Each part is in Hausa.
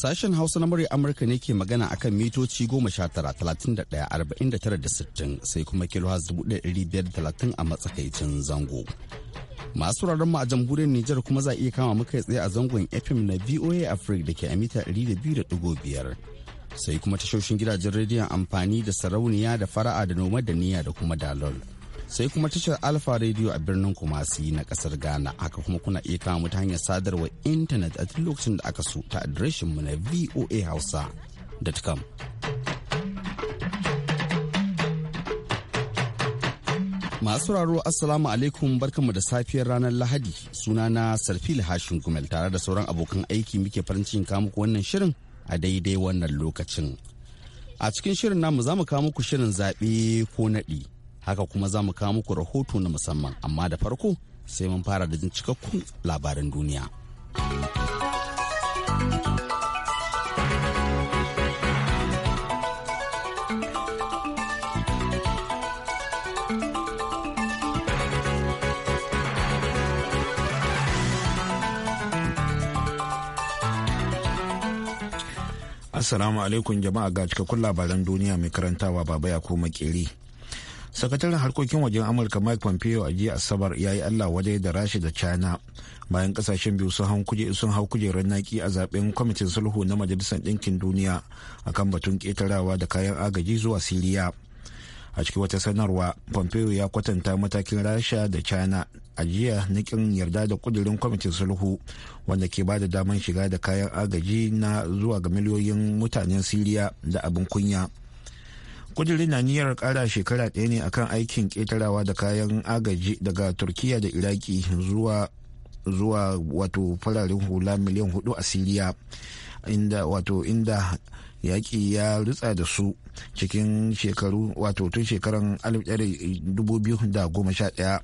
Sashen Hausa na murya Amurka ne ke magana a kan mitoci goma sha tara talatin da ɗaya arba'in da tara da sittin sai kuma kilo dubu ɗaya ɗari biyar talatin a matsakaicin zango. Masu wuraren mu a jamhuriyar Nijar kuma za a iya kama muka tsaye a zangon FM na VOA Africa da ke a mita ɗari da biyu da ɗigo biyar. Sai kuma tashoshin gidajen rediyon amfani da sarauniya da fara'a da noma da niyya da kuma dalol. sai kuma tashar alfa radio a birnin kumasi na kasar ghana haka kuma kuna iya kama mu ta hanyar sadarwa intanet a duk lokacin da aka so ta adireshin mu na voa voahausa.com masu raro assalamu alaikum barkanmu da safiyar ranar lahadi sunana sarfil hashin gumel tare da sauran abokan aiki muke farin cikin muku wannan shirin a daidai wannan lokacin a cikin shirin namu za mu kawo muku shirin zaɓe ko naɗi haka kuma za mu kawo muku rahoto na musamman amma da farko sai mun fara da cikakkun labaran duniya. Assalamu alaikum jama'a ga cikakkun labaran duniya mai karantawa baba ya koma makeri. sakataren harkokin wajen amurka mike pompeo a jiya asabar ya yi allah wadai da rashi da china bayan kasashen biyu sun hau kujerar naki a zaben kwamitin sulhu na majalisar ɗinkin duniya akan batun ƙetarawa da kayan agaji zuwa siriya a cikin wata sanarwa pompeo ya kwatanta matakin rasha da china a jiya na kin yarda da kudirin kwamitin sulhu wanda ke ba da daman shiga da kayan agaji na zuwa ga miliyoyin mutanen siriya da abin kunya kudirin na niyyar kara shekara ɗaya ne akan aikin ƙetarawa da kayan agaji daga turkiya da iraki zuwa zuwa wato fararen hula miliyan hudu a siriya inda wato inda yaƙi ya rutsa da su cikin shekaru wato tun shekaran 2011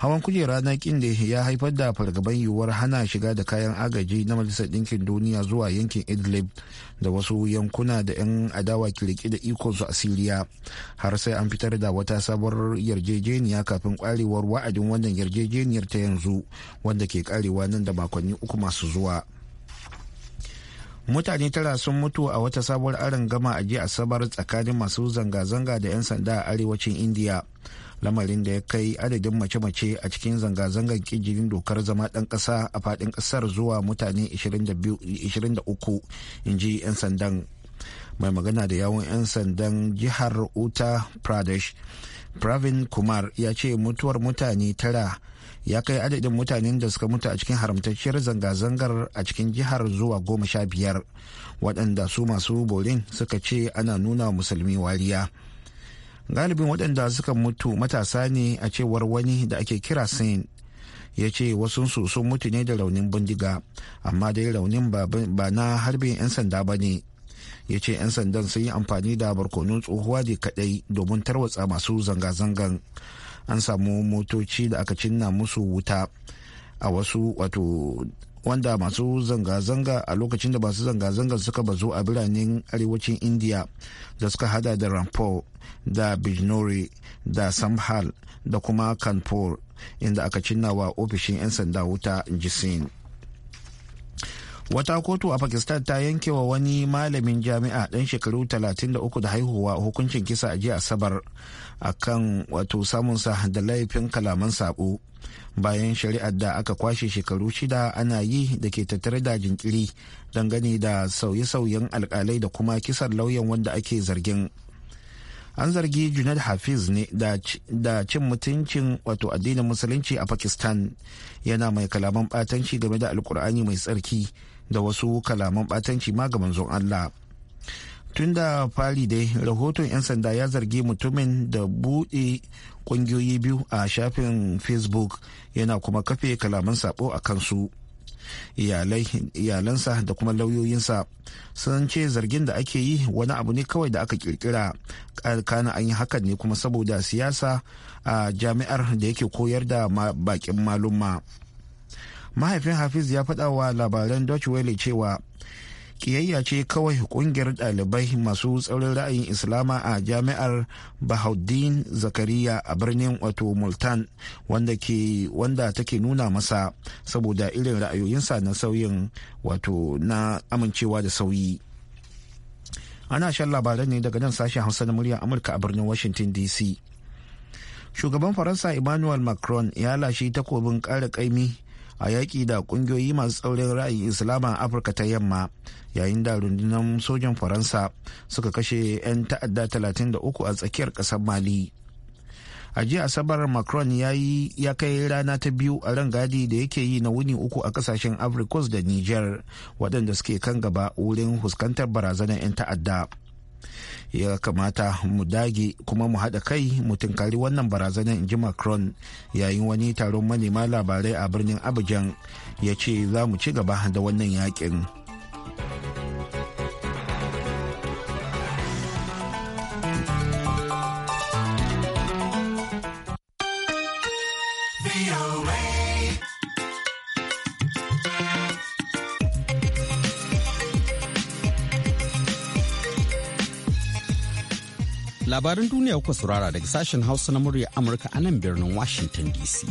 hawan kujera na kinde ya haifar da fargaban yiwuwar hana shiga da kayan agaji na majalisar ɗinkin duniya zuwa yankin idlib da wasu yankuna da 'yan adawa kirki da ikonsu a siriya har sai an fitar da wata sabuwar yarjejeniya kafin kwarewar wa'adin wannan yarjejeniyar ta yanzu wanda ke karewa nan da makonni uku masu zuwa mutane tara sun mutu a wata sabuwar aron gama a jiya asabar tsakanin masu zanga-zanga da 'yan sanda a arewacin indiya lamarin da ya kai adadin mace-mace a cikin zanga-zangar kijirin dokar zama ɗan ƙasa a faɗin ƙasar zuwa mutane 23 in ji 'yan sandan mai magana da yawon 'yan sandan jihar uttar pradesh pravin kumar ya ce mutuwar mutane tara ya kai adadin mutanen da suka mutu a cikin haramtacciyar zanga-zangar a cikin jihar zuwa goma sha biyar waɗanda su masu borin suka ce ana nuna musulmi wariya. galibin waɗanda suka mutu matasa ne a cewar wani da ake kira sin ya ce wasu sun mutu ne da raunin bindiga amma dai raunin ba na harbin 'yan sanda ba ne ya ce 'yan sandan sun yi amfani da barkonun tsohuwa ne kadai domin tarwatsa masu zanga-zangan an samu motoci da aka cinna musu wuta a wasu wato wanda masu zanga-zanga a lokacin da masu zanga-zanga suka bazu a biranen arewacin india da suka hada da rampur da bijnore da samhal da kuma kanpur inda aka cinnawa ofishin 'yan sanda wuta jisin wata kotu a pakistan ta yanke wa wani malamin jami'a ɗan shekaru 33 da haihuwa hukuncin kisa a jiya asabar akan wato samunsa da laifin kalaman sabo bayan shari'ar da aka kwashe shekaru shida ana yi da ke tattare da jinkiri dangane da sauye-sauyen alkalai da kuma kisar lauyan wanda ake zargin an zargi junaid hafiz ne da cin mutuncin wato addinin musulunci a pakistan yana mai kalaman batanci game da alkur'ani mai tsarki da wasu kalaman batanci ma ga manzon allah tun da fari dai rahoton 'yan sanda ya zargi mutumin da buɗe ƙungiyoyi biyu a shafin facebook yana kuma kafe kalaman sabo a kansu iyalansa da kuma lauyoyinsa sun ce zargin da ake yi wani abu ne kawai da aka kirkira kana an yi hakan ne kuma saboda siyasa a jami'ar da yake koyar da bakin malumma mahaifin hafiz ya faɗa wa labaran deutsche welle cewa kiyayya ce kawai kungiyar ɗalibai masu tsaurin ra'ayin islama a jami'ar bahauddin zakariya a birnin wato multan wanda ke wanda take nuna masa saboda irin ra'ayoyinsa na sauyin wato na amincewa da sauyi ana shan labaran ne daga nan sashen hausa na murya amurka a birnin washington dc shugaban faransa emmanuel macron ya lashe takobin ƙara ƙaimi a yaƙi da ƙungiyoyi masu tsaurin ra'ayin a afirka ta yamma yayin da rundunar sojan faransa suka kashe 'yan ta'adda 33 a tsakiyar ƙasar mali a jiya asabar macron ya yi ya kai rana ta biyu a rangadi da yake yi na wuni uku a kasashen africos da niger waɗanda suke kan gaba wurin fuskantar barazanar 'yan ta'adda ya kamata mu dage kuma mu haɗa kai mu tunkari wannan barazanar inji macron yayin wani taron manema labarai a birnin abidjan ya ce za mu ci gaba da wannan yakin. labaran duniya kuka saurara daga sashen hausa na murya amurka a nan birnin washington dc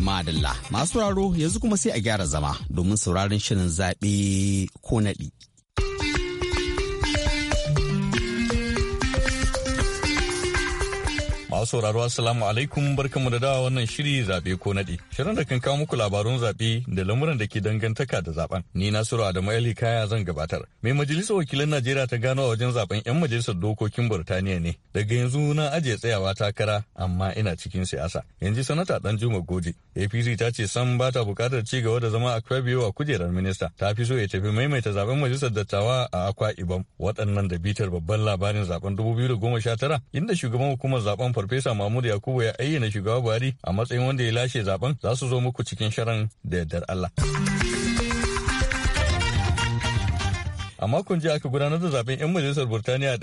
madalla masu sauraro yanzu kuma sai a gyara zama domin sauraron shirin zaɓe ko naɗi Masu sauraro asalamu alaikum barkamu da dawa wannan shiri zaɓe ko naɗi. Shirin da kan kawo muku labarun zaɓe da lamuran da ke dangantaka da zaben. Ni Nasiru da Ali Kaya zan gabatar. Mai majalisar wakilan Najeriya ta gano a wajen zaben 'yan majalisar dokokin Burtaniya ne. Daga yanzu na ajiye tsayawa takara amma ina cikin siyasa. Yanzu sanata dan Juma Goje. APC ta ce san ba ta buƙatar ci gaba da zama a Kwabiyo a kujerar minista. Ta fi so ya tafi maimaita zaben majalisar dattawa a Akwa Ibom. Waɗannan da bitar babban labarin zaben 2019 inda shugaban hukumar zaben Farfesa Mahmud Yakubu ya ayyana shugaba Buhari a matsayin wanda ya lashe zaben za su zo muku cikin shirin da yardar Allah. A makon jiya aka gudanar da zaben 'yan majalisar Burtaniya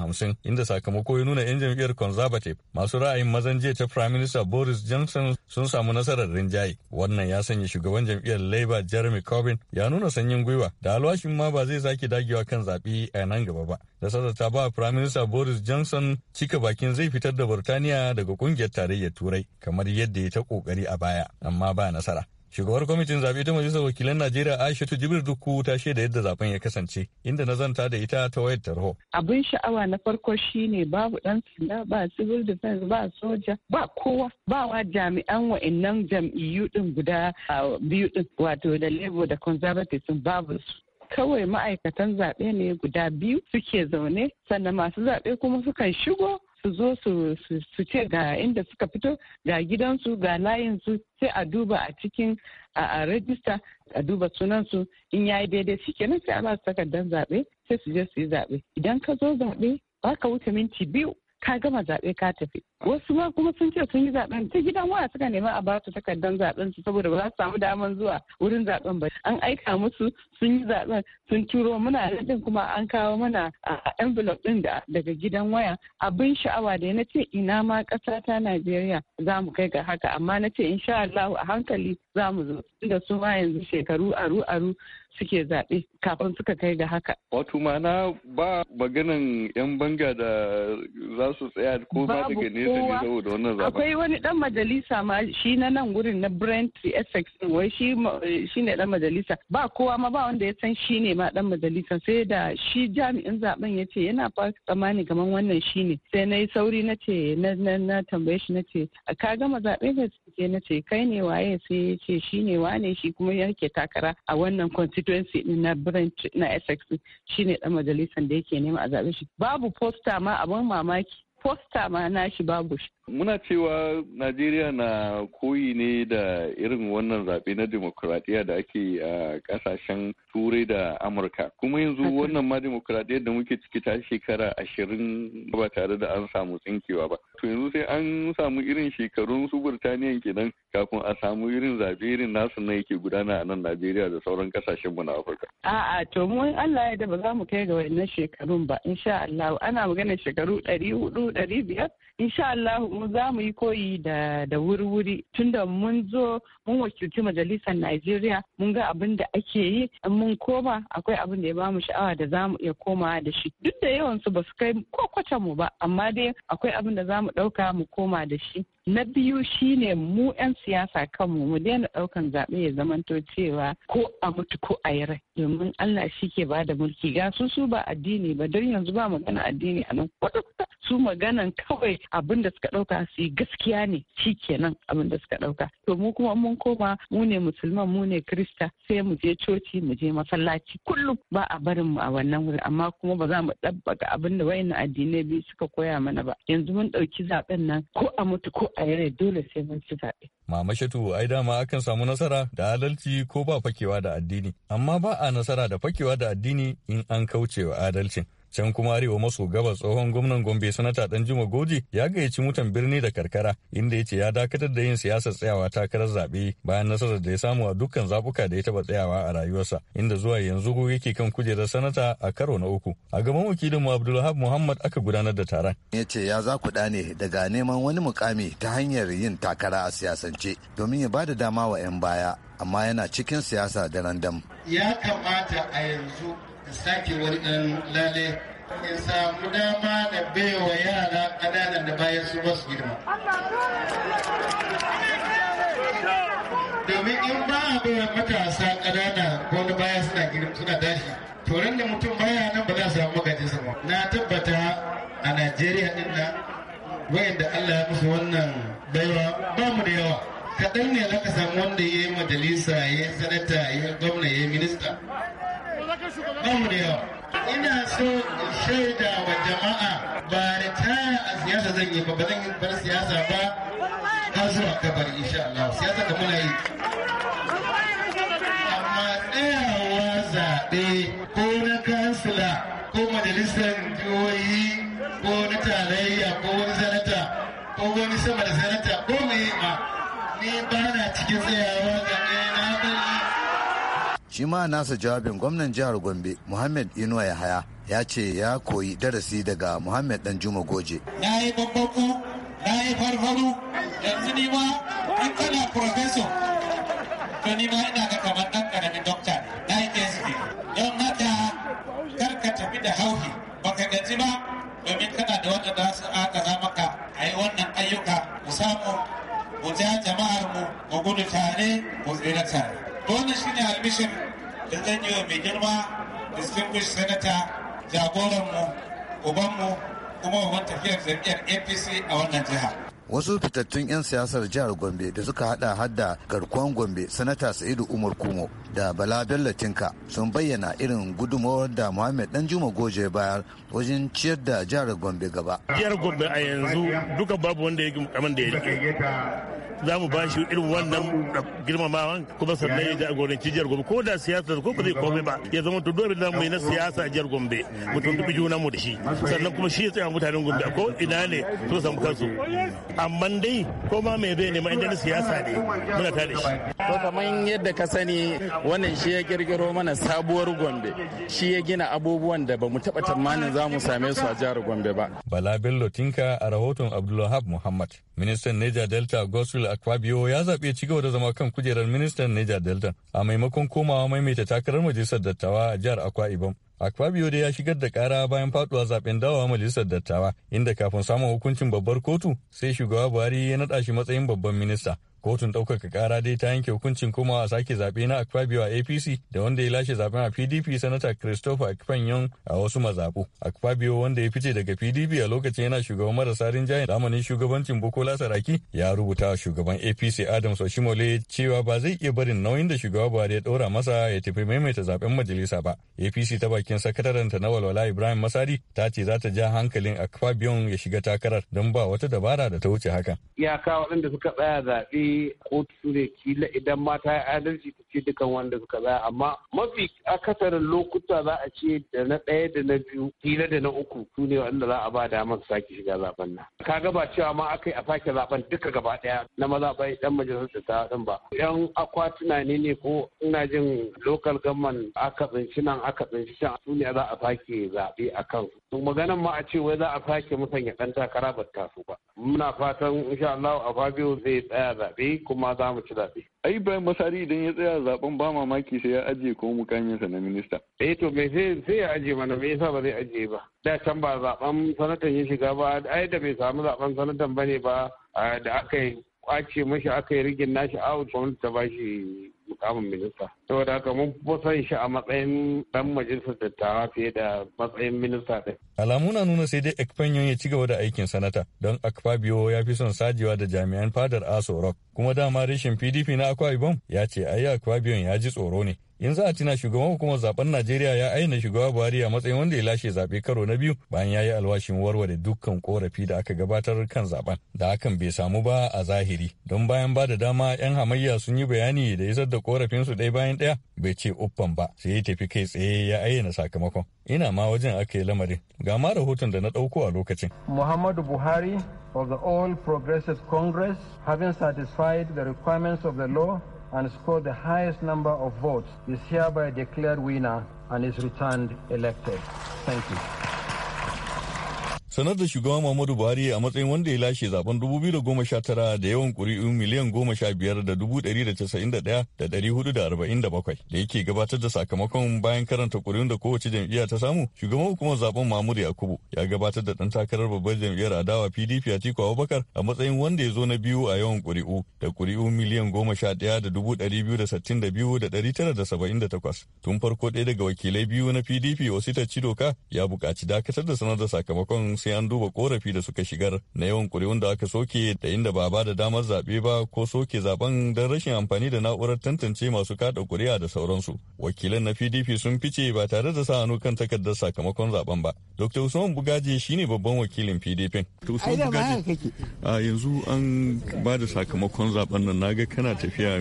hamsin inda sakamako ya nuna 'yan jam'iyyar Conservative masu ra'ayin mazan jiya ta Prime Minister Boris Johnson sun samu nasarar rinjaye. Wannan ya sanya shugaban jam'iyyar Labour Jeremy Corbyn ya nuna sanyin gwiwa da alwashin ma ba zai sake dagewa kan zaɓe a nan gaba ba. Da sassa ta ba Prime Minister Boris Johnson cika bakin zai fitar da Burtaniya daga kungiyar tarayyar Turai kamar yadda ya ta kokari a baya amma ba nasara. Shugabar kwamitin zaɓe ta Majalisar Wakilan Najeriya Aisha ta Jibril Dukku ta shaida yadda zaben ya kasance inda na zanta da ita ta wayar tarho. Abin sha'awa na farko shine babu ɗan sanda ba civil defense ba soja ba kowa ba wa jami'an wa'annan jam'iyyu din guda biyu din wato da Labour da Conservative babu su. Kawai ma'aikatan zaɓe ne guda biyu suke zaune sannan masu zaɓe kuma sukan shigo su zo su ce ga inda suka fito ga gidansu ga layinsu sai a duba a cikin a rajista a duba sunansu in yayi daidai kenan sai a ba su takardar zaɓe sai su je su yi zaɓe idan ka zo zaɓe ba ka wuce minti biyu ka gama zaɓe ka tafi wasu ma kuma sun ce sun yi zaɓen ta gidan waya suka nema a ba su takardar zaɓen su saboda ba za su samu daman zuwa wurin zaɓen ba an aika musu sun yi zaɓen sun turo muna din kuma an kawo mana a envelope din daga gidan waya abin sha'awa da na ce ina ma ƙasa ta Najeriya za mu kai ga haka amma na ce insha allahu a hankali za mu zo da su ma yanzu shekaru aru aru suke zaɓe kafin suka kai ga haka. Wato mana ba maganan 'yan banga da za su tsaya ko ba daga nesa ne saboda wannan zaɓen. Akwai wani ɗan majalisa ma shi na nan gurin na Brent Essex wai shi ne ɗan majalisa ba kowa ma ba wanda ya san shi ne ma ɗan majalisa sai da shi jami'in zaɓen ya ce yana fa tsammani kamar wannan shi ne sai na yi sauri na ce na tambaye shi na ce ka gama zaɓe ne suke na ce kai ne waye sai ya ce shi ne wa. ne shi kuma ke takara a wannan constituency na Brent na Essex shine dan majalisar da yake nema a zaben shi babu poster ma abin mamaki poster ma na shi babu shi muna cewa najeriya na koyi ne da irin wannan zaɓe na demokuraɗiyya da ake a ƙasashen turai da amurka kuma yanzu wannan ma demokuraɗiyya da muke ciki ta shekara ashirin ba tare da an samu tsinkewa ba to yanzu sai an samu irin shekarun su burtaniyan kenan kafin a samu irin zaɓe irin nasu na yake gudana a nan najeriya da sauran ƙasashen mu na afirka a'a to mu allah ya da ba za mu kai ga wannan shekarun ba insha allah ana maganar shekaru ɗari hudu ɗari biyar insha allah za mu yi koyi da wuri-wuri tunda mun zo mun wakilci majalisar Najeriya mun ga abin da ake yi in mun koma akwai abin da ya bamu sha'awa da za mu iya koma da shi duk da yawan su ba su kai kwakwata mu ba amma dai akwai abin da za mu ɗauka mu koma da shi na biyu shine mu 'yan siyasa kanmu mu daina ɗaukan zaɓe ya zamanto cewa ko a mutu ko a yi rai domin Allah shi ke ba da mulki ga su su ba addini ba don yanzu ba magana addini a nan kwata su maganan kawai abin da suka ɗauka su yi gaskiya ne shi kenan abin da suka ɗauka to mu kuma mun koma mu ne musulman mu ne krista sai mu je coci mu je masallaci kullum ba a barin mu a wannan wuri amma kuma ba za mu ɗabbaka abin da wayannan addinai biyu suka koya mana ba yanzu mun ɗauki zaɓen nan ko a mutu ko a yare dole sai mun ci zaɓe Mama Shatu ai dama akan samu nasara da adalci ko ba fakewa da addini, amma ba a nasara da fakewa da addini in an kauce wa adalcin. Can kuma arewa maso gabas tsohon gwamnan Gombe sanata Danjuma Goji ya gayyaci mutan birni da karkara inda ya ce ya dakatar da yin siyasar tsayawa takarar zaɓe bayan nasarar da ya samu a dukkan zabuka da ya taɓa tsayawa a rayuwarsa inda zuwa yanzu yake kan kujerar sanata a karo na uku. A gaban wakilinmu Abdulhab Muhammad aka gudanar da taron. Ya ce ya za ku ne daga neman wani mukami ta hanyar yin takara a siyasance domin ya ba da dama wa 'yan baya amma yana cikin siyasa da randam. Ya kamata a yanzu da sake wani ɗan lale in samu dama da baiwa yara ƙananan da bayan su ba su girma. Domin in ba a baiwa matasa ƙanana ko na baya suna girma suna tashi, to ran da mutum baya nan ba za su samu magajinsa ba. Na tabbata a Najeriya ɗin nan wayanda Allah ya musu wannan baiwa ba mu da yawa. Kaɗan ne za ka samu wanda ya yi majalisa, ya yi sanata, ya yi gwamna, ya yi minista. ɗaurewa ina so in shaida wa jama'a ba ritaya a siyasa zan yi ba ba zan bar siyasa ba har zuwa kabar insha Allah siyasa da muna yi amma tsayawa zaɓe ko na kansila ko majalisar jihohi ko na tarayya ko wani sanata ko wani sama da sanata ko mai ma ni ba na cikin tsayawa zaɓe shi ma nasa jawabin gwamnan jihar gombe muhammad inuwa yahaya ya ce ya koyi darasi daga muhammad dan juma goje na yi babbaku na yi farfaru yanzu ni ma in kana professor to ni ina ga kamar dan karamin dokta na yi phd don haka kar tafi da hauki baka gaji ba domin kana da da su aka za a yi wannan ayyuka mu samu mu ja jama'ar mu mu gudu tare mu tsira tare wannan shi ne admission da zan yi wa mai girma distinguished senator jagoranmu ubanmu kuma uban tafiyar zargiyar apc a wannan jiha wasu fitattun 'yan siyasar jihar gombe da suka hada hadda garkuwan gombe sanata sa'idu umar kumo da bala bello tinka sun bayyana irin gudunmawar da muhammed dan juma goje bayar wajen ciyar da jihar gombe gaba jihar gombe a yanzu duka babu wanda ya kamar da ya rike za mu ba shi irin wannan girmamawan kuma sannan ya jagoranci jihar Gombe ko da siyasa ko ba zai komai ba ya zama to dole mu yi na siyasa a jihar Gombe mu tuntubi junan mu da shi sannan kuma shi ya tsaya mutanen Gombe ko ina ne to samu kansu amma dai ko ma me zai nema inda siyasa ne muna ta da shi to kamar yadda ka sani wannan shi ya kirkiro mana sabuwar Gombe shi ya gina abubuwan da ba mu taba tamanin za mu same su a jihar Gombe ba Bala Bello Tinka a rahoton Abdullahab Muhammad ministan Niger Delta Gospel Akpabio ya zaɓi ci gaba da zama kan kujerar ministan Niger Delta a maimakon komawa maimaita takarar majalisar dattawa a jihar Akwa Ibom. Akpabio da ya shigar da kara bayan faduwa zaɓen dawowa majalisar dattawa inda kafin samun hukuncin babbar kotu sai shugaba Buhari ya naɗa shi matsayin babban minista. Kotun ɗaukaka ƙara dai ta yanke hukuncin komawa sake zaɓe na Akpabio a APC da wanda ya lashe zaɓen a PDP Sanata Christopher Akpanyon a wasu mazaɓu. Akpabio wanda ya fice daga PDP a lokacin yana shugaban marasa rinjayen zamanin shugabancin Bukola Saraki ya rubuta wa shugaban APC Adams Oshimole cewa ba zai iya barin nauyin da shugaba Buhari ya ɗora masa ya tafi maimaita zaɓen majalisa ba. APC ta bakin sakataren ta na walwala Ibrahim Masari ta ce za ta ja hankalin Akpabion ya shiga takarar don ba wata dabara da ta wuce haka. Iyaka waɗanda suka tsaya zaɓe kotu ne kila idan mata ya adalci ta ce dukan wanda suka za amma mafi akasarin lokuta za a ce da na ɗaya da na biyu kila da na uku su ne wanda za a ba damar su sake shiga zaben nan kaga ba cewa ma aka akai a sake zaben duka gaba ɗaya na maza bai dan majalisar da ta ba yan akwatuna ne ne ko ina jin lokal gaman aka tsinci nan aka tsinci can su ne za a sake zaɓe a kansu maganan ma a ce wai za a sake musanya dan takara ba ta ba muna fatan insha Allah a Fabio zai tsaya zaɓe kuma za mu ci zaɓe ai Ibrahim Masari idan ya tsaya zaben ba mamaki sai ya aje ko mukaminsa na minista eh to me sai ya aje mana me yasa ba zai aje ba da can ba zaben sanatan ya shiga ba ai da bai samu zaben sanatan bane ba da aka yi kwace mashi aka yi rigin nashi out gwamnati ta bashi mukamin minista saboda haka mun san shi a matsayin dan majalisar dattawa fiye da matsayin minista ɗin. alamu na nuna sai dai ekpenyon ya ci gaba da aikin sanata don akfabio ya fi son sajewa da jami'an fadar aso rock kuma dama reshen pdp na akwa ibom ya ce ayi akfabion ya ji tsoro ne yanzu a tuna shugaban hukumar zaben najeriya ya aina shugaba buhari a matsayin wanda ya lashe zaɓe karo na biyu bayan ya yi alwashin warware dukkan korafi da aka gabatar kan zaben da hakan bai samu ba a zahiri don bayan ba da dama yan hamayya sun yi bayani da isar da su ɗaya bayan ɗaya bai ce uffan ba sai ya tafi kai tsaye ya aina sakamakon ina ma wajen aka yi lamarin ga ma rahoton da na ɗauko a lokacin muhammadu buhari of the all progressive congress having satisfied the requirements of the law and scored the highest number of votes is hereby declared winner and is returned elected. Thank you. sanar da shugaban Muhammadu Buhari a matsayin wanda ya lashe zaben 2019 da yawan ƙuri'u miliyan 15,991,447 da yake gabatar da sakamakon bayan karanta ƙuri'un da kowace jam'iyya ta samu shugaban hukumar zaben Mahmud Yakubu ya gabatar da ɗan takarar babbar jam'iyyar adawa PDP a Tiko Abubakar a matsayin wanda ya zo na biyu a yawan ƙuri'u da ƙuri'u miliyan 11,262,978 tun farko ɗaya daga wakilai biyu na PDP Osita Chidoka ya buƙaci dakatar da sanar da sakamakon sai an duba korafi da suka shigar na yawan kuri'un da aka soke da inda ba ba da damar zaɓe ba ko soke zaben don rashin amfani da na'urar tantance masu kada kuri'a da sauransu. Wakilan na PDP sun fice ba tare da sa hannu kan takardar sakamakon zaben ba. Dr. Usman Bugaje shine babban wakilin PDP. a yanzu an ba da sakamakon zaben nan naga kana tafiya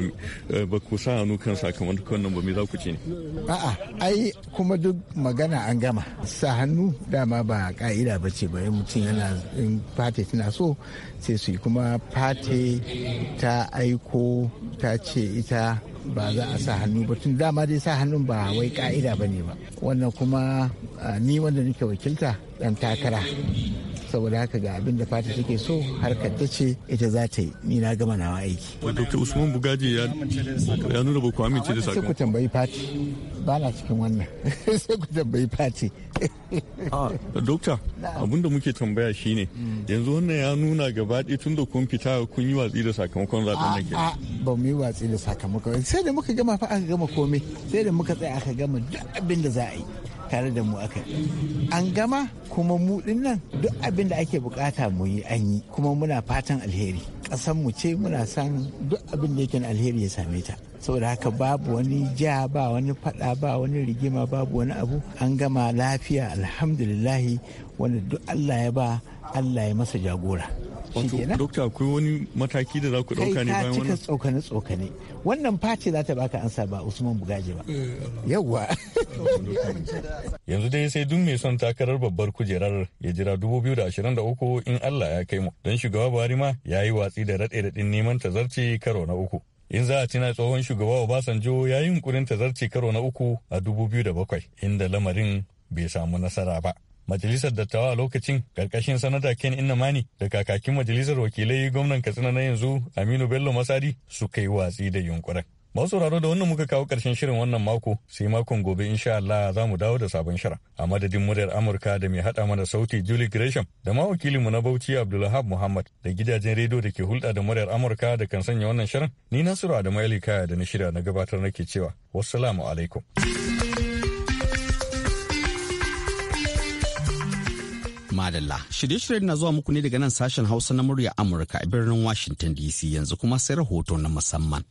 eh, ba ku sa hannu kan sakamakon nan ba me za ku ce ne? A'a ai kuma duk magana an gama sa hannu dama ba ka'ida ba ce bari mutum yana in fate tana so sai su yi kuma fate ta aiko ta ce ita ba za a sa hannu ba tun dama dai sa hannun ba wai ka'ida ba ne ba wannan kuma ah, ni wanda nake wakilta dan takara saboda haka ga abin da fata take so harkar ta ce ita za ta yi ni na gama nawa aiki dr usman bugaji ya nuna ba ku amince da sakon. sai ku tambayi fati ba na cikin wannan sai ku tambayi fati ah, dokta da muke tambaya shine hmm. yanzu wannan ya nuna gaba ɗaya tun da kun fita kun yi watsi da sakamakon zaɓen nan kenan ba mu yi watsi da sakamakon sai da muka gama fa aka gama komai sai da muka tsaya aka gama duk abin da za a yi tare da mu aka an gama kuma mu dinnan duk abin da ake bukata mu yi an yi kuma muna fatan alheri mu ce muna san duk abin da yake alheri ya same ta saboda haka babu wani ja ba wani fada ba wani rigima babu wani abu an gama lafiya alhamdulillahi wanda duk allah ya ba allah ya masa jagora wato dokta akwai wani mataki da za ku dauka ne bayan wannan tsokane tsokane wannan face za ta baka ansa ba usman bugaje ba yawa yanzu dai sai duk mai son takarar babbar kujerar ya jira 2023 in Allah ya kai mu don shugaba Buhari ma yayi watsi da raɗe-raɗin neman tazarci karo na uku in za a tina tsohon shugaba Obasanjo ya yi yunkurin tazarci karo na uku a 2007 inda lamarin bai samu nasara ba majalisar dattawa a lokacin karkashin sanata ken innamani da kakakin majalisar wakilai gwamnan katsina na yanzu aminu bello masari suka yi watsi da yunkurin Masu sauraro da wannan muka kawo ƙarshen shirin wannan mako sai makon gobe insha Allah za mu dawo da sabon shirin. A madadin muryar Amurka da mai haɗa mana sauti Julie Gresham da ma wakilinmu na Bauchi Abdulhab Muhammad da gidajen rediyo da ke hulɗa da muryar Amurka da kan sanya wannan shirin. Ni Nasiru Adamu Kaya da na shirya na gabatar nake cewa wassalamu alaikum. Madalla, shirye-shiryen na zuwa muku ne daga nan sashen Hausa na murya Amurka a birnin Washington DC yanzu kuma sai rahoto na musamman.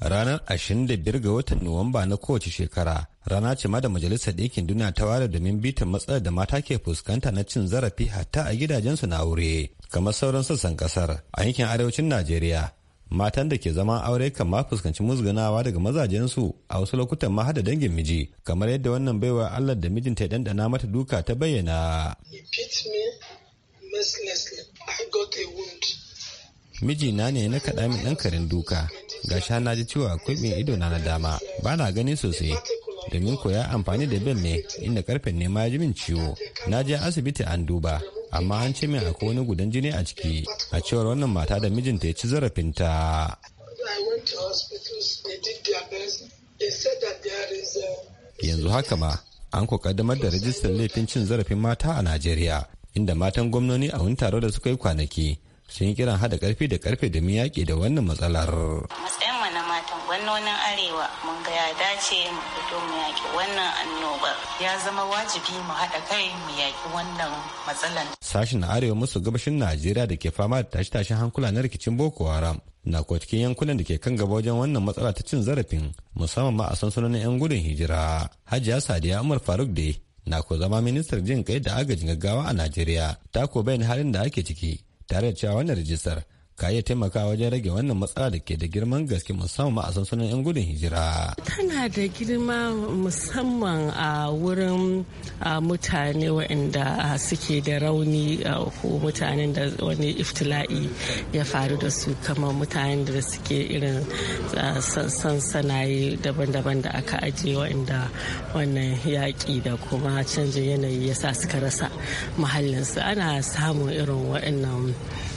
Ranar 25 ga watan Nuwamba na kowace shekara rana ce ma da Majalisar Ɗinkin Duniya ta ware domin bitan matsalar da mata ke fuskanta na cin zarafi hatta a gidajensu na aure kamar sauran sassan kasar a yankin arewacin Najeriya. matan da ke zama aure kan ma fuskanci musgunawa daga mazajensu a wasu lokutan ma hada dangin miji kamar yadda wannan baiwa allah da mijinta ya dandana mata duka ta bayyana mijina ne na kaɗa min ɗan karin duka ga sha na ji cewa kwibin ido na na dama ba na gani sosai domin ko ya amfani da bel ne inda karfen ne ma ya ji min ciwo na je asibiti an duba amma an ce min akwai wani gudan jini a ciki a cewar wannan mata da mijinta ya ci zarafinta yanzu haka ma an ko kaddamar da rajistar laifin cin zarafin mata a najeriya inda matan gwamnoni a wani taro da suka yi kwanaki sun yi kiran hada karfi da karfe da yaƙi da wannan matsalar. wannan arewa mun ga ya dace mu fito mu yaƙi wannan annobar ya zama wajibi mu haɗa kai mu yaƙi wannan matsalan. sashen arewa musu gabashin najeriya da ke fama da tashe-tashen hankula na rikicin boko haram na kuwa cikin yankunan da ke kan gaba wajen wannan matsala ta cin zarafin musamman ma a sansanonin 'yan gudun hijira hajiya sadiya umar faruk da na ko zama ministar jin kai da agajin gaggawa a najeriya ta ko bayan halin da ake ciki tare da cewa wannan rijistar ka iya taimakawa wajen rage wannan matsala da ke da girman gaske musamman a sansanin 'yan gudun hijira. Tana da girma musamman a wurin mutane waɗanda suke da rauni ko mutanen da wani iftila'i ya faru da su kamar mutanen da suke irin sansanayi daban-daban da aka ajiye waɗanda wannan yaƙi da kuma canjin yanayi ya sa suka rasa mahallinsu ana samun irin waɗannan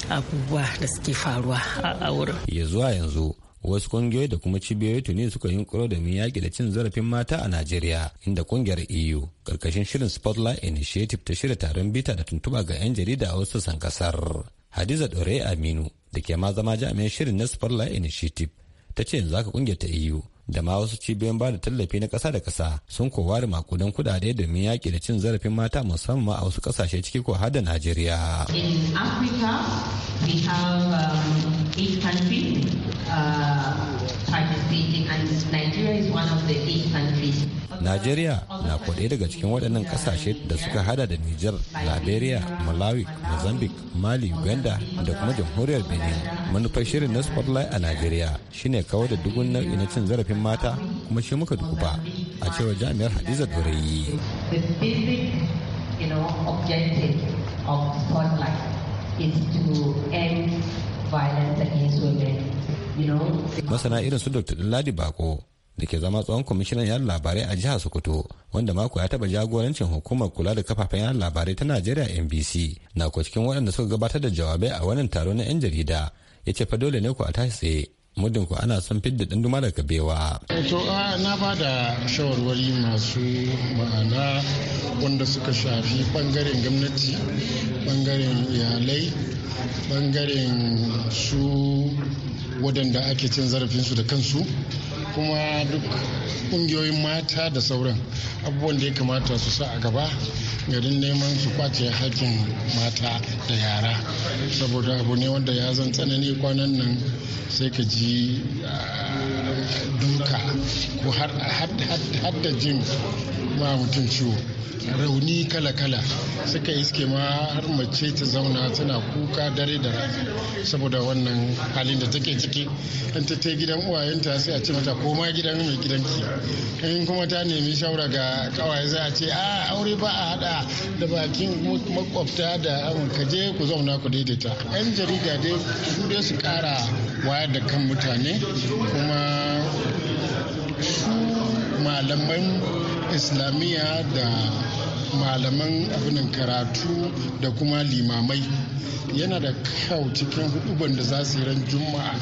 abubuwa da suke faruwa a wurin. Ya zuwa yanzu wasu kungiyoyi da kuma cibiyoyi tuni suka yi da domin yaƙi da cin zarafin mata a Najeriya inda kungiyar EU karkashin shirin Spotlight Initiative ta shirya taron bita da tuntuba ga 'yan jarida a wasu sassan kasar. Hadiza Dore Aminu da ke ma zama jami'in shirin na Spotlight Initiative ta ce yanzu haka kungiyar ta EU da ma wasu cibiyoyin ba da tallafi na ƙasa da ƙasa sun ko da makudan kuɗaɗe domin yaƙi da cin zarafin mata musamman a wasu ƙasashe ciki ko har da Najeriya. In Africa we have um, eight countries uh, Najeriya na kwaɗe daga cikin waɗannan ƙasashe da suka hada da Nijar, Liberia, Malawi, Mozambique, Mali, Uganda da kuma jamhuriyar Benin. Manufar shirin na Spotlight a Najeriya shine kawo da dugun nau'i na cin zarafin mata kuma shi muka duba, a cewa jami'ar Hadiza Durayi. is to end violence Masana irin su Dr. Ladi Bako da ke zama tsohon kwamishinan yan labarai a jihar Sokoto wanda mako ya taba jagorancin hukumar kula da kafafen yan labarai ta Najeriya NBC na ko cikin waɗanda suka gabatar da jawabai a wannan taro na 'yan jarida ya ce fa dole ne ku a tashi tsaye muddin ku ana son fidda ɗan duma daga bewa. Eh, to na ba da shawarwari masu ma'ana wanda suka shafi bangaren gwamnati, bangaren iyalai, bangaren su waɗanda ake cin zarafin su da kansu kuma duk ƙungiyoyin mata da sauran abubuwan da ya kamata su sa a gaba garin neman su kwace hakkin mata da yara saboda abu ne wanda ya zan tsanani kwanan nan sai ka ji ah, duka ko har da jin ma mutum ciwo rauni kala-kala suka iske ma har mace ta zauna tana kuka dare da rana saboda wannan halin da take ciki an ta ta gidan uwayenta sai a ce mata koma gidan mai gidanki in kuma ta nemi shawara ga kawai za a ce a aure ba a hada da bakin makwabta da ka je ku zauna ku daidaita yan jarida dai su dai su kara wayar da kan mutane kuma su malaman islamiyya da malaman abinin karatu da kuma limamai yana da kyau cikin huduban da za su yi ran juma'a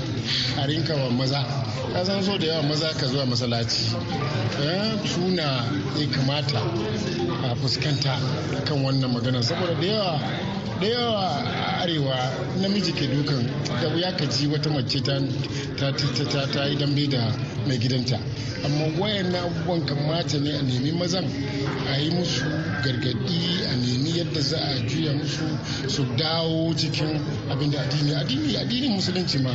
a rinka wa maza ka san so da yawa maza ka zuwa masalaci eh, suna ya kamata a fuskanta kan wannan magana saboda da yawa da yawa a arewa namiji ke dukan da wuya ka wata mace ta ta yi dambe da mai gidanta amma wayan na abubuwan kamata ne a nemi mazan a yi musu gargadi a nemi yadda za a juya musu su dawo cikin abin da addini addini musulunci ma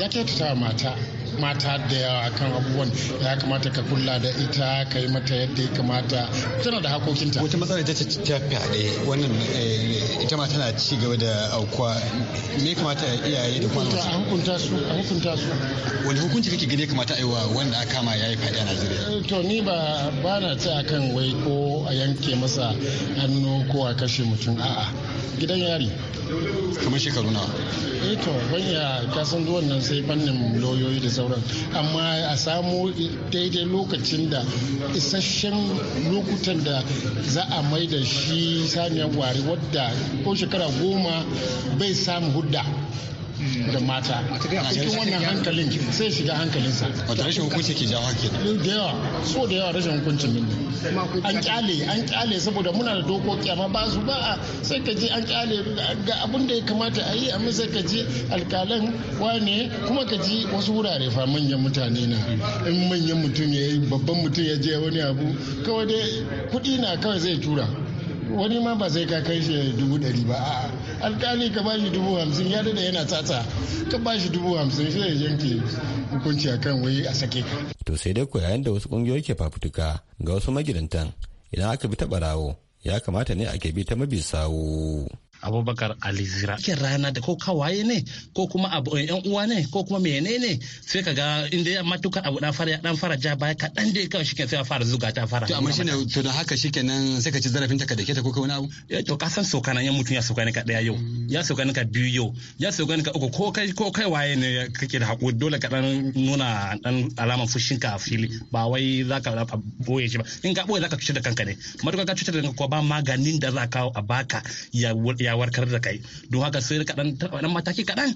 ya kyautata mata mata da yawa kan abubuwan ya kamata ka kula da ita ka yi mata yadda ya kamata tana da hakokinta wata matsala ta ta fyaɗe wannan eh, ita ma tana ci gaba da aukuwa me kamata iyaye da kwana a hukunta su a hukunta su wani hukunci kake gani kamata a yi wa wanda aka kama ya yi fyaɗe a Najeriya eh, to ni ba ba na ce akan wai ko a yanke masa hannu ko a kashe mutum a'a gidan yari kamar shekaru nawa eh to ya kasan duwan nan sai fannin loyoyi da sauran sauran amma a samu daidai lokacin da isasshen lokutan da za a mai da shi saniyar wari wadda ko shekara goma bai samu hudda da mata a cikin wannan hankalin sai shiga hankalinsa wata rashin hukunci ke jawo hakin da yawa so da yawa rashin hukuncin mini an kyale an kyale saboda muna da dokoki amma ba su ba a sai ka je an kyale ga abin da ya kamata a yi amma sai ka je alkalan wane kuma ka ji wasu wurare fa manyan mutane na in manyan mutum ya yi babban mutum ya je wani abu kawai dai kuɗi na kawai zai tura wani ma ba sai ka kai shi dubu ɗari ba a'a alkali ka bashi dubu hamsin ya dada yana tata ka bashi dubu hamsin shi ya yanke hukunci akan wai a sake ka. to sai dai ko yayin da wasu kungiyoyi ke fafutuka ga wasu magidantan idan aka bi ta barawo ya kamata ne ake bi ta mabi sawu. abubakar alizira ke rana da ko kawaye ne ko kuma abu eh, yan uwa ne ko kuma mene ne sai ka ga inda ya matuka abu dan fara ya dan fara ja baya ka dan dai kawai shike sai ya fara zuga ta fara to amma shine to da haka shikenan sai ka ci zarafin ta ka dake ta ko wani abu eh, to ka san sokana yan mutun ya sokana ka daya yau mm. ya sokana ka biyu yau ya sokana ka uku ko kai ko kai waye ne kake da hakuri dole ka dan nuna dan alaman fushin ka a fili ba wai zaka boye shi ba in ka boye zaka cutar da kanka ne matuka ka cutar da kanka ko ba maganin da za ka kawo a baka ya ya warkar da kai don haka sai ka dan mataki kadan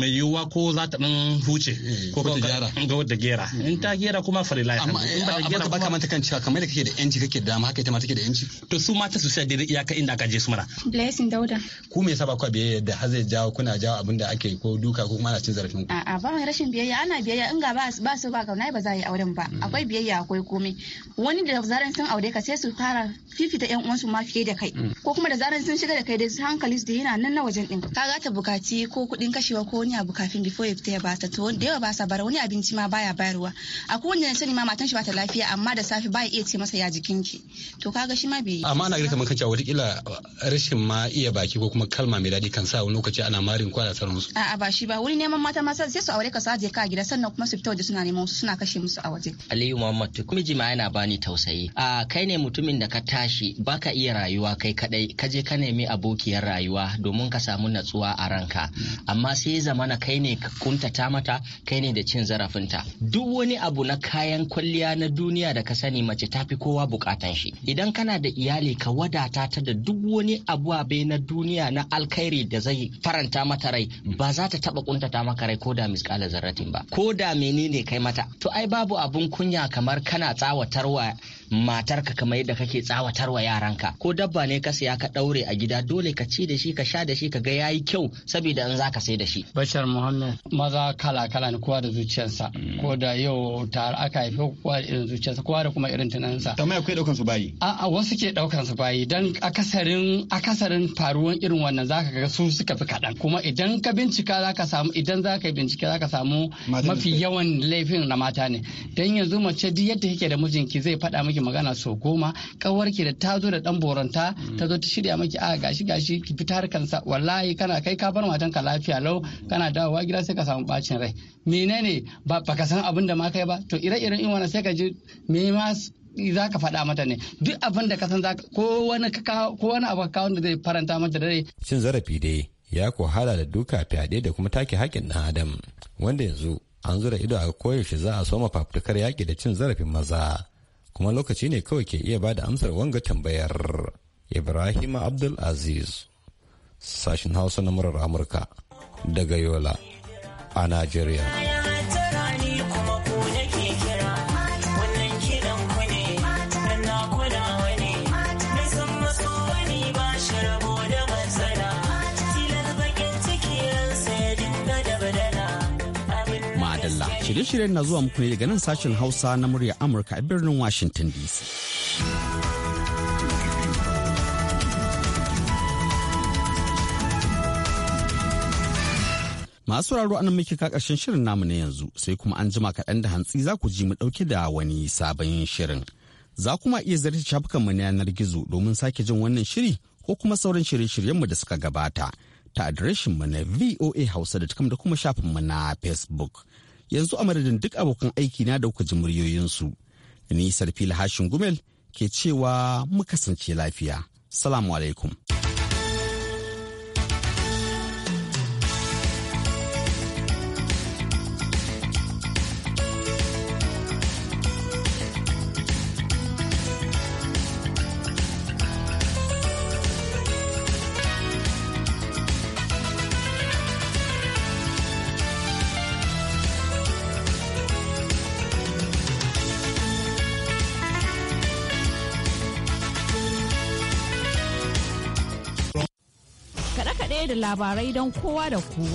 mai yiwuwa ko za ta dan huce mm, ko ka ga wadda gera mm. in ta gera kuma farila amma in ba eh, gera ba kamar ta kan cewa kamar da kake da yanci kake da dama haka ita ma take da yanci to su mata su sai daidai iyaka inda ka je su mara blessing dauda ku me yasa ba ku biyayya da har zai jawo kuna jawo abinda da ake ko duka ko kuma ana cin zarafin ku a'a ba rashin biyayya ana biyayya in ga ba ba su ba kauna ba za yi auren ba mm. akwai biyayya akwai komai wani da zaran sun aure ka sai su fara fifita yan uwansu ma fiye da kai ko kuma da zaran sun shiga da kai dai hankalis da yana nan na wajen din ka ga ta bukaci ko kudin kashewa ko wani abu kafin before ya fita ya bata to da yawa ba sa bara wani abinci ma baya bayarwa ko wanda na sani ma matan shi bata lafiya amma da safe baya iya ce masa ya jikinki to kaga shi ma bai amma ana ga kamar kace watakila rashin ma iya baki ko kuma kalma mai daɗi kan sa wani lokaci ana marin kwana sauran musu a'a ba shi ba wani neman mata ma sai su aure ka saje ka gida sannan kuma su fita waje suna neman su suna kashe musu a waje Aliyu Muhammad to miji ma yana bani tausayi a kai ne mutumin da ka tashi baka iya rayuwa kai kadai ka je ka nemi abokiya hanyar rayuwa domin ka samu natsuwa a ranka amma sai zamana kai ne ka kuntata mata kai ne da cin zarafinta duk wani abu na kayan kwalliya na duniya da ka sani mace ta fi kowa bukatan shi idan kana da iyali ka wadata ta da duk wani abu na duniya na alkhairi da zai faranta mata rai ba za ta taba kuntata maka rai ko da miskala zarratin ba ko da menene kai mata to ai babu abun kunya kamar kana tsawatarwa matarka kamar yadda kake tsawatarwa yaranka ko dabba ne ka siya ka daure a gida dole ka ci da shi ka sha da shi ka ga yayi kyau saboda in zaka sai da shi bashar muhammad maza kala kala ne kowa da zuciyarsa mm. ko da yau ta aka haifi kowa da irin zuciyarsa kowa da kuma irin tunaninsa ya kai daukan su bayi a wasu ke daukan su bayi dan akasarin akasarin faruwan irin wannan zaka ga su suka fi kaɗan. kuma idan ka bincika zaka samu idan zaka bincike zaka samu mafi yawan laifin na mata ne dan yanzu mace duk yadda kike da mijinki zai faɗa miki nake magana sau goma kawarki da ta zo da dan boranta mm. ta zo ta shirya maki a gashi gashi ki fita harkan sa wallahi kana kai ka bar ka lafiya lau kana dawowa gida sai ka samu bacin rai menene ba baka san abin da ma kai ba to ire-iren in sai ka ji me ma za ka faɗa mata ne duk abin da ka san za ko wani ko wani abu ka wanda zai faranta mata da rai cin zarafi dai ya ko hala da duka fyaɗe da kuma take haƙƙin ɗan adam wanda yanzu an zura ido a koyaushe za a soma fafutukar yaƙi da cin zarafin maza kuma lokaci ne kawai ke iya bada amsar wanga tambayar ibrahim abdul aziz sashin hausa na murar amurka daga yola a nigeria. Shirye-shiryen na zuwa muku ne daga nan sashen Hausa na murya Amurka a birnin Washington DC. Masu raro anan muke ka ƙarshen shirin namu na yanzu sai kuma an jima kaɗan da hantsi za ku ji mu ɗauke da wani sabon shirin. Za kuma iya zarta shafukanmu na yanar gizo domin sake jin wannan shiri ko kuma sauran shirye-shiryenmu da suka gabata ta adireshinmu na hausa da kuma shafinmu na Facebook. yanzu a madadin duk abokan aiki na da kuka ji muryoyinsu ni sarfila hashin gumel ke cewa muka sance lafiya salamu alaikum labarai don kowa da kowa.